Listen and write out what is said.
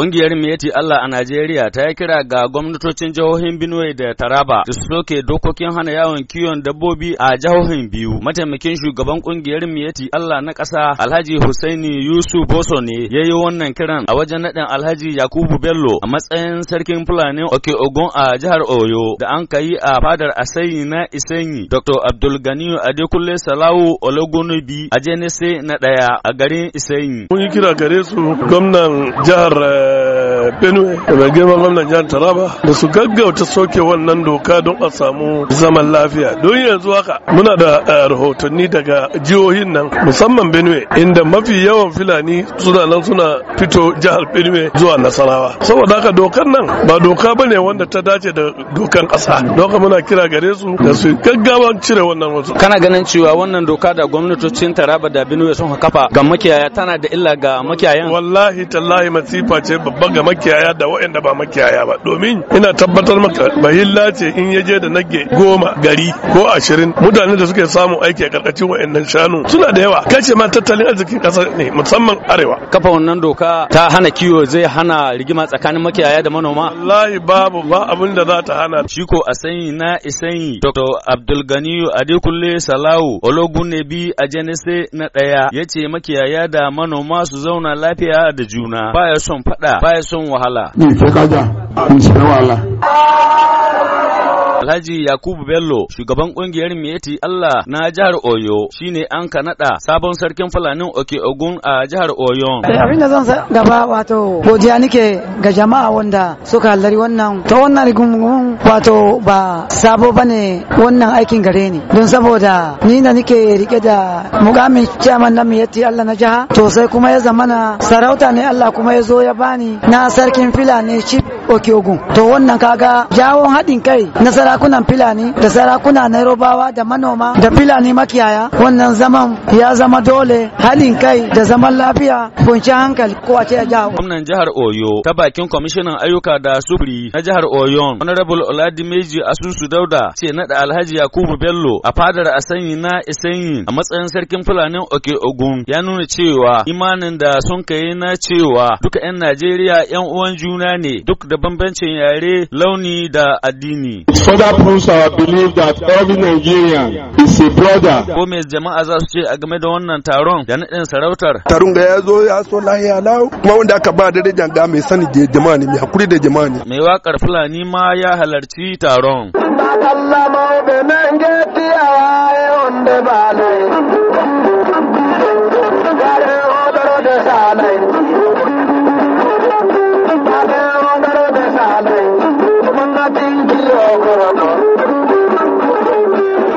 Ƙungiyar Meti Allah a Najeriya ta yi kira ga gwamnatocin jihohin Benue da Taraba da su soke dokokin hana yawon kiwon dabbobi a jihohin biyu. Mataimakin shugaban ƙungiyar Meti Allah na ƙasa Alhaji Hussaini Yusuf Boso ne ya yi wannan kiran a wajen naɗin Alhaji Yakubu Bello a matsayin sarkin Fulani Oke Ogun a jihar Oyo da an kayi a fadar Asayi na isanyi. Dr. Abdul Ganiyu Adekunle Salawu Ologunubi a Jenese na ɗaya a garin isanyi. Mun yi kira gare su gwamnan jihar eh, benue da mai girman gwamnan jihar taraba da su gaggauta soke wannan doka don a samu zaman lafiya don yanzu haka muna da eh, rahotanni daga jihohin nan musamman benue inda mafi yawan fulani suna nan suna fito jihar benue zuwa nasarawa saboda haka dokar nan ba doka ba ne wanda ta dace da dokan kasa don haka muna kira gare su da su gaggawa cire wannan wasu kana ganin cewa wannan doka da gwamnatocin taraba da benue sun kafa ga makiyaya tana da illa ga makiyayan wallahi tallahi masifa ce babba ga makiyaya da waɗanda ba makiyaya ba domin ina tabbatar maka bahilla ce in yaje je da nage goma gari ko ashirin mutane da suke samun aiki a karkashin waɗannan shanu suna da yawa kace ma tattalin arzikin ƙasar ne musamman arewa kafa wannan doka ta hana kiwo zai hana rigima tsakanin makiyaya da manoma wallahi babu ba abin da za ta hana shi ko a sanyi na isanyi dr abdulgani adekunle salawu a ajenese na ɗaya yace makiyaya da manoma su zauna lafiya da juna ba ya son faɗa ya son fún wàhálà. mi ìfẹ́ kájà mi ìfẹ́ wàhálà. Alhaji Yakubu Bello, shugaban kungiyar Mieti Allah na jihar Oyo, shine an ka sabon sarkin Fulanin Oke Ogun a jihar Oyo. Abin da zan gaba wato godiya nike ga jama'a wanda suka hallari wannan ta wannan rigungun wato ba sabo bane wannan aikin gare ni don saboda ni na nike rike da mukamin chairman na Mieti Allah na jiha to sai kuma ya zamana sarauta ne Allah kuma ya zo ya bani na sarkin Fulani Chief oke ogun to wannan kaga jawon haɗin kai na sarakunan filani da sarakuna na yarobawa da manoma da filani makiyaya wannan zaman ya zama dole haɗin kai da zaman lafiya kunci hankali ce jawo. gwamnan jihar oyo ta bakin kwamishinan ayyuka da sufuri na jihar oyo honorable oladimeji asusu dauda ce nada alhaji yakubu bello a fadar asanyi na isanyi a matsayin sarkin fulanin oke ogun ya nuna cewa imanin da sun kai na cewa duka 'yan najeriya 'yan uwan juna ne duk da da bambancin yare, launi da addini. Further proves our belief that every Nigerian is a brother. Ko me jama'a za su ce a game da wannan taron da naɗin sarautar? Taron ga ya zo ya so lahiya lau kuma wanda aka ba da darajar ga mai sani da jama'a ne mai hakuri da jama'a ne. Mai waƙar Fulani ma ya halarci taron. Allah ma'obe nan getiyawa yawan wanda ba